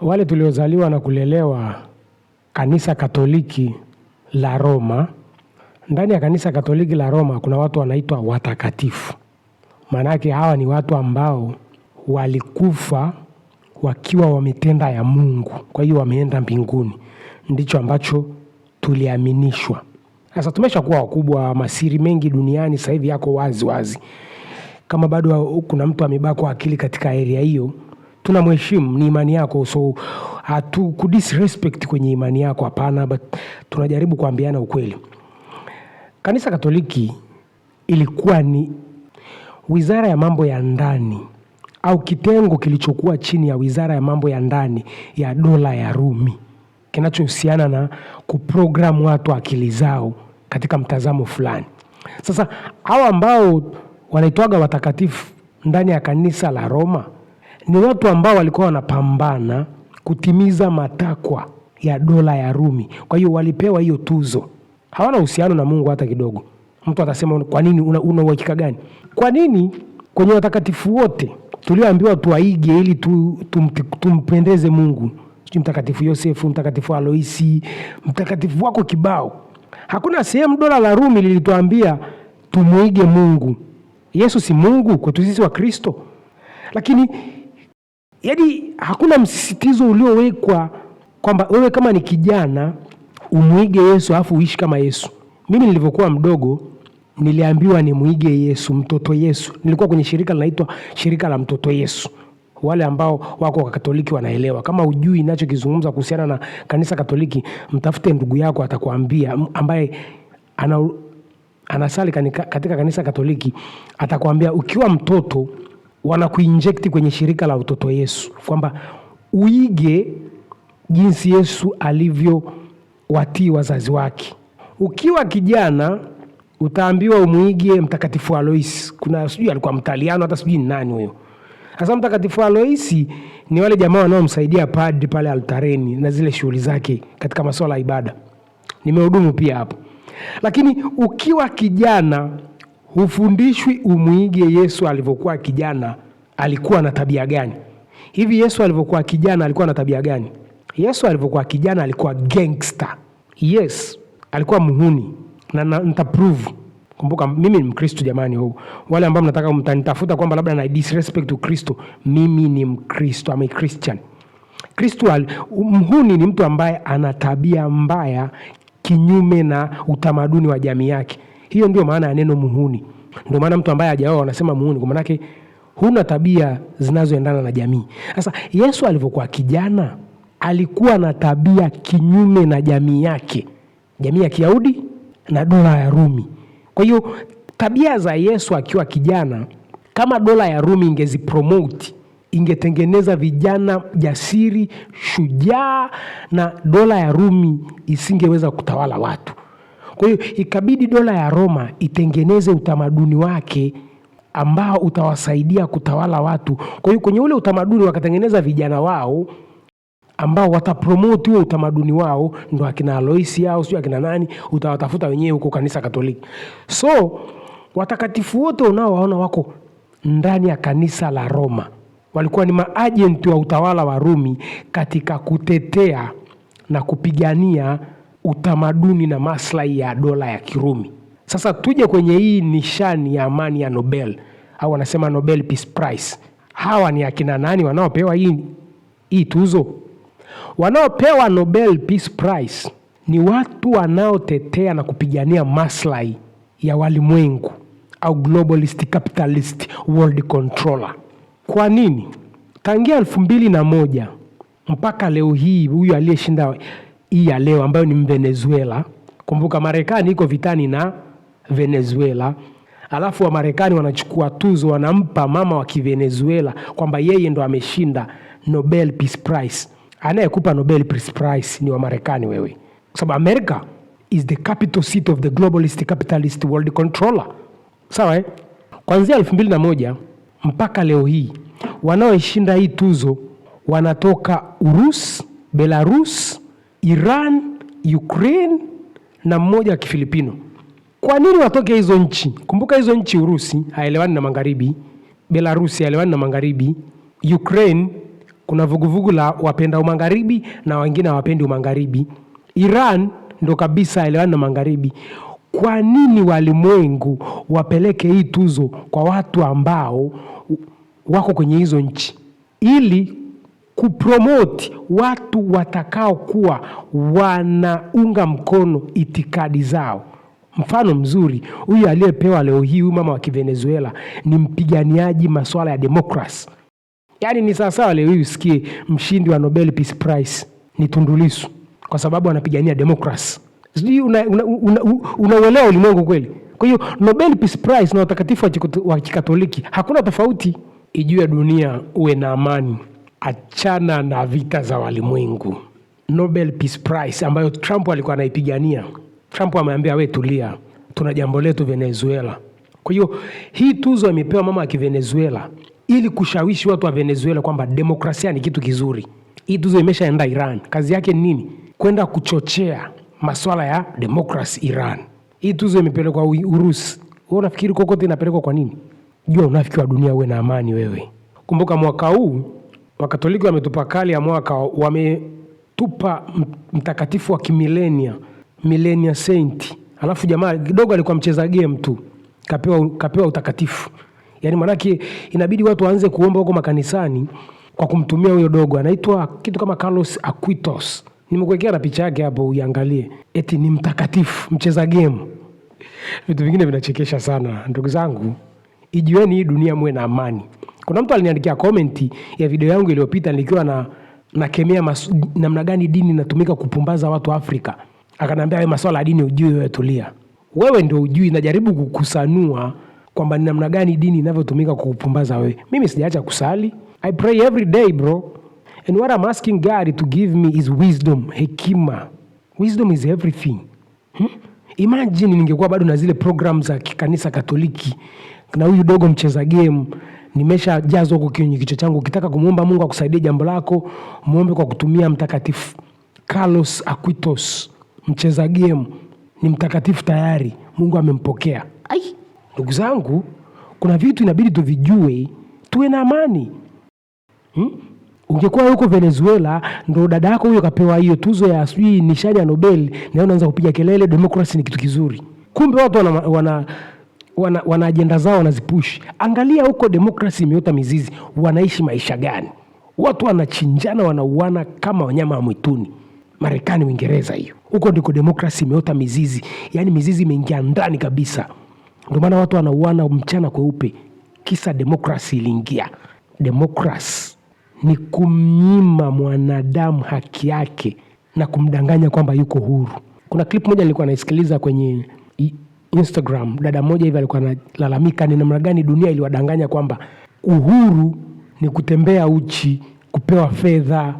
wale tuliozaliwa na kulelewa kanisa Katoliki la Roma, ndani ya kanisa Katoliki la Roma kuna watu wanaitwa watakatifu. Maanake hawa ni watu ambao walikufa wakiwa wametenda ya Mungu, kwa hiyo wameenda mbinguni. Ndicho ambacho tuliaminishwa. Sasa kuwa wakubwa, masiri mengi duniani sasa hivi yako wazi wazi. Kama bado kuna mtu amebakwa akili katika area hiyo, tunamheshimu, ni imani yako, so hatukudisrespect kwenye imani yako, hapana, but tunajaribu kuambiana ukweli. Kanisa Katoliki ilikuwa ni wizara ya mambo ya ndani au kitengo kilichokuwa chini ya wizara ya mambo ya ndani ya dola ya Rumi kinachohusiana na kuprogramu watu akili zao katika mtazamo fulani. Sasa hao ambao wanaitwaga watakatifu ndani ya kanisa la Roma ni watu ambao walikuwa wanapambana kutimiza matakwa ya dola ya Rumi. Kwa hiyo walipewa hiyo tuzo, hawana uhusiano na Mungu hata kidogo. Mtu atasema kwa nini? Una uhakika gani? Kwa nini kwenye watakatifu wote tulioambiwa tuwaige ili tu, tum, tumpendeze Mungu, sijui mtakatifu Yosefu, mtakatifu Aloisi, mtakatifu wako kibao, hakuna sehemu dola la Rumi lilituambia tumwige Mungu? Yesu si Mungu kwetu sisi wa Kristo, lakini yaani hakuna msisitizo uliowekwa kwamba wewe kama ni kijana umwige Yesu alafu uishi kama Yesu. Mimi nilivyokuwa mdogo niliambiwa nimwige Yesu, mtoto Yesu. Nilikuwa kwenye shirika linaitwa shirika la mtoto Yesu. Wale ambao wako wa Katoliki wanaelewa. Kama ujui nachokizungumza kuhusiana na kanisa Katoliki, mtafute ndugu yako atakwambia, ambaye ana anasali katika kanisa Katoliki atakwambia, ukiwa mtoto wanakuinjekti kwenye shirika la utoto Yesu, kwamba uige jinsi Yesu alivyowatii wazazi wake. Ukiwa kijana utaambiwa umwige Mtakatifu Alois, Kuna sijui alikuwa Mtaliano, hata sijui ni nani huyo. Sasa Mtakatifu Aloisi ni wale jamaa wanaomsaidia padri pale altareni na zile shughuli zake katika masuala ya ibada. Nimehudumu pia hapo, lakini ukiwa kijana hufundishwi umwige Yesu alivyokuwa kijana, alikuwa na tabia gani? Hivi Yesu alivyokuwa kijana alikuwa na tabia gani? Yesu alivyokuwa kijana alikuwa gangster. Yes, alikuwa muhuni na nitaprove. Kumbuka mimi ni Mkristo jamani, huu wale ambao mnataka mtanitafuta kwamba labda na disrespect Ukristo, mimi ni Mkristo, am a Christian. Kristo al, mhuni ni mtu ambaye ana tabia mbaya kinyume na utamaduni wa jamii yake. Hiyo ndio maana ya neno muhuni. Ndio maana mtu ambaye hajaoa wanasema muhuni, kwa maana yake huna tabia zinazoendana na jamii. Sasa Yesu alivyokuwa kijana alikuwa na tabia kinyume na jamii yake, jamii ya Kiyahudi na dola ya Rumi. Kwa hiyo tabia za Yesu akiwa kijana, kama dola ya Rumi ingezipromoti ingetengeneza vijana jasiri, shujaa, na dola ya Rumi isingeweza kutawala watu. Kwa hiyo ikabidi dola ya Roma itengeneze utamaduni wake ambao utawasaidia kutawala watu. Kwa hiyo kwenye ule utamaduni wakatengeneza vijana wao ambao watapromote huo utamaduni wao, ndo akina Aloisi au sio akina nani, utawatafuta wenyewe huko kanisa Katoliki. So watakatifu wote unaowaona wako ndani ya kanisa la Roma walikuwa ni maajenti wa utawala wa Rumi katika kutetea na kupigania utamaduni na maslahi ya dola ya Kirumi. Sasa tuje kwenye hii nishani ya amani ya Nobel au wanasema Nobel Peace Prize. Hawa ni akina nani wanaopewa hii, hii tuzo? Wanaopewa Nobel Peace Prize ni watu wanaotetea na kupigania maslahi ya walimwengu au globalist capitalist world controller. Kwa nini tangia elfu mbili na moja mpaka leo hii huyu aliyeshinda hii ya leo ambayo ni Venezuela. Kumbuka Marekani iko vitani na Venezuela, alafu Wamarekani wanachukua tuzo wanampa mama wa Kivenezuela kwamba yeye ndo ameshinda Nobel Peace Prize. Anayekupa Nobel Peace Prize ni Wamarekani wewe, kwa sababu America is the capital seat of the globalist capitalist world controller. Sawa eh? Kuanzia elfu mbili na moja mpaka leo hii wanaoishinda hii tuzo wanatoka Urusi, Belarus Iran, Ukraine na mmoja wa Kifilipino. Kwa nini watoke hizo nchi? Kumbuka hizo nchi, Urusi haelewani na magharibi, Belarusi haelewani na magharibi, Ukraine kuna vuguvugu la wapenda umagharibi na wengine hawapendi umagharibi, Iran ndo kabisa haelewani na magharibi. Kwa nini walimwengu wapeleke hii tuzo kwa watu ambao wako kwenye hizo nchi ili kupromoti watu watakaokuwa wanaunga mkono itikadi zao. Mfano mzuri huyu aliyepewa leo hii, huyu mama wa Kivenezuela ni mpiganiaji masuala ya demokrasi. Yaani ni sawasawa leo hii usikie mshindi wa Nobel Peace Prize ni Tundu Lissu kwa sababu anapigania demokrasi. Sijui unauelewa una, una, una ulimwengu kweli? Kwa hiyo Nobel Peace Prize na watakatifu wa Kikatoliki hakuna tofauti. Ijue dunia, uwe na amani achana na vita za walimwengu. Nobel Peace Prize ambayo Trump alikuwa anaipigania, Trump ameambia we, tulia, tuna jambo letu Venezuela. Kwa hiyo hii tuzo imepewa mama wa Kivenezuela ili kushawishi watu wa Venezuela kwamba demokrasia ni kitu kizuri. Hii tuzo imeshaenda Iran, kazi yake ni nini? Kwenda kuchochea maswala ya demokrasi Iran. Hii tuzo imepelekwa Urusi. Wewe unafikiri kokote inapelekwa kwa nini? Jua unafiki wa dunia, uwe na amani wewe. Kumbuka mwaka huu Wakatoliki wametupa kali ya mwaka, wametupa mtakatifu wa kimilenia milenia saint, alafu jamaa kidogo alikuwa mcheza game tu kapewa, kapewa utakatifu. Yani manake inabidi watu waanze kuomba huko makanisani kwa kumtumia huyo dogo, anaitwa kitu kama Carlos Aquitos. Nimekuwekea na picha yake hapo uiangalie, eti ni mtakatifu mcheza game. Vitu vingine vinachekesha sana, ndugu zangu, ijueni hii dunia, muwe na amani. Kuna mtu aliniandikia komenti ya video yangu iliyopita nilikuwa na nakemea namna gani dini inatumika kupumbaza watu Afrika. Akaniambia wewe masuala ya dini ujui wewe tulia. Wewe ndio hujui, najaribu kukusanua kwamba ni namna gani dini inavyotumika kukupumbaza wewe. Mimi sijaacha kusali. I pray every day bro. And what I'm asking God to give me is wisdom, hekima. Wisdom is everything. Hmm? Imagine ningekuwa bado na zile program za kikanisa Katoliki na huyu dogo mcheza game nimeshajazwa huko kwenye kichwa changu. Ukitaka kumwomba Mungu akusaidie jambo lako, muombe kwa kutumia mtakatifu Carlos Aquitos, mcheza game, ni mtakatifu tayari, Mungu amempokea. Ai, ndugu zangu, kuna vitu inabidi tuvijue, tuwe na amani hmm? Ungekuwa huko Venezuela ndo dada yako huyo kapewa hiyo tuzo ya sijui nishani ya Nobel, na unaanza kupiga kelele demokrasi ni kitu kizuri, kumbe watu wana, wana wana, wana ajenda zao wanazipushi. Angalia huko demokrasi imeota mizizi, wanaishi maisha gani? Watu wanachinjana, wanauana kama wanyama wa mwituni. Marekani, Uingereza, hiyo huko ndiko demokrasi imeota mizizi, yaani mizizi imeingia ndani kabisa. Ndio maana watu wanauana mchana kweupe, kisa demokrasi iliingia. Demokrasi ni kumnyima mwanadamu haki yake na kumdanganya kwamba yuko huru. Kuna klip moja nilikuwa naisikiliza kwenye Instagram, dada mmoja hivi alikuwa analalamika ni namna gani dunia iliwadanganya kwamba uhuru ni kutembea uchi, kupewa fedha,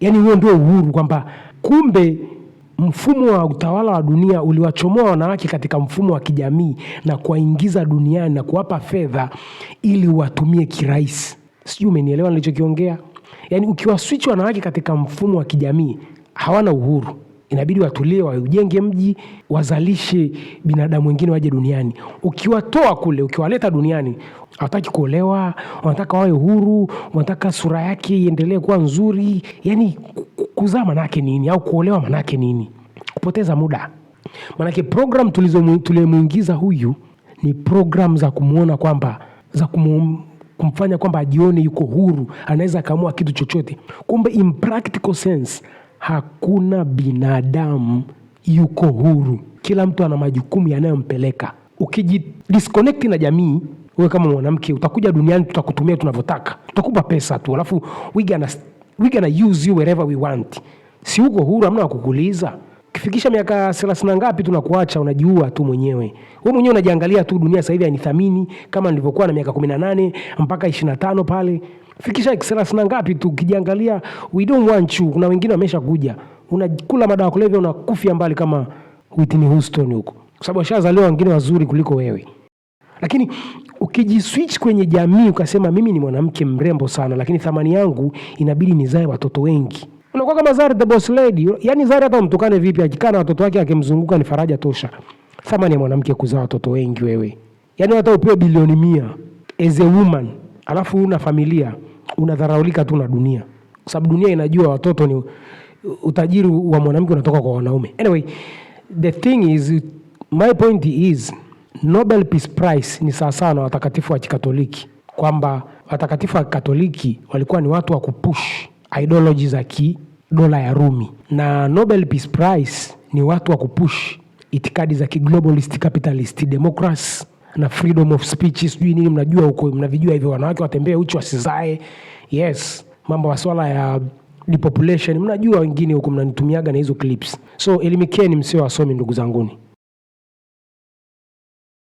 yani huo ndio uhuru, kwamba kumbe mfumo wa utawala wa dunia uliwachomoa wanawake katika mfumo wa kijamii na kuwaingiza duniani na kuwapa fedha ili watumie kirahisi. Sijui umenielewa nilichokiongea? Yani ukiwaswichi wanawake katika mfumo wa kijamii hawana uhuru inabidi watulie, waujenge mji, wazalishe binadamu wengine waje duniani. Ukiwatoa kule, ukiwaleta duniani, hawataki kuolewa, wanataka wawe huru, wanataka sura yake iendelee kuwa nzuri. Yani kuzaa manake nini? Au kuolewa manake nini? Kupoteza muda. Manake program tuliyemwingiza huyu ni program za kumwona kwamba za kumu, kumfanya kwamba ajione yuko huru, anaweza akaamua kitu chochote, kumbe in practical sense hakuna binadamu yuko huru, kila mtu ana majukumu yanayompeleka. Ukijidisconnect na jamii, wewe kama mwanamke utakuja duniani, tutakutumia tunavyotaka, tutakupa pesa tu, alafu we gonna, we gonna use you wherever we want. Si uko huru, amna wakukuliza Ukifikisha miaka thelathini na ngapi, tunakuacha unajiua tu mwenyewe. Wewe mwenyewe unajiangalia tu, dunia sasa hivi hainithamini kama nilivyokuwa na miaka kumi na nane mpaka ishirini na tano pale fikisha thelathini na ngapi tu, ukijiangalia we don't want you. Kuna wengine wamesha kuja unakula madawa kulevya unakufia mbali kama Whitney Houston huko, kwa sababu ashazaliwa wengine wazuri kuliko wewe. Lakini ukijiswitch kwenye jamii ukasema mimi ni mwanamke mrembo sana, lakini thamani yangu inabidi nizae watoto wengi, unakuwa kama Zari the boss lady. Yani Zari hata umtukane vipi, akikaa na watoto wake akimzunguka ni faraja tosha. Thamani ya mwanamke kuzaa watoto wengi wewe, yani hata upewe bilioni mia as a woman alafu una familia unadharaulika tu na dunia, kwa sababu dunia inajua watoto ni utajiri wa mwanamke unatoka kwa wanaume. Anyway, the thing is, my point is Nobel Peace Prize ni sawasawa na watakatifu wa Kikatoliki, kwamba watakatifu wa Kikatoliki walikuwa ni watu wa kupush ideology za kidola ya Rumi, na Nobel Peace Prize ni watu wa kupush itikadi za kiglobalist, capitalist, democracy na freedom of speech sijui nini, mnajua huko, mnavijua hivyo, wanawake watembee uchi wasizae. Yes, mambo maswala ya depopulation mnajua, wengine huko mnanitumiaga na hizo clips, so elimikeni, msio wasomi ndugu zanguni.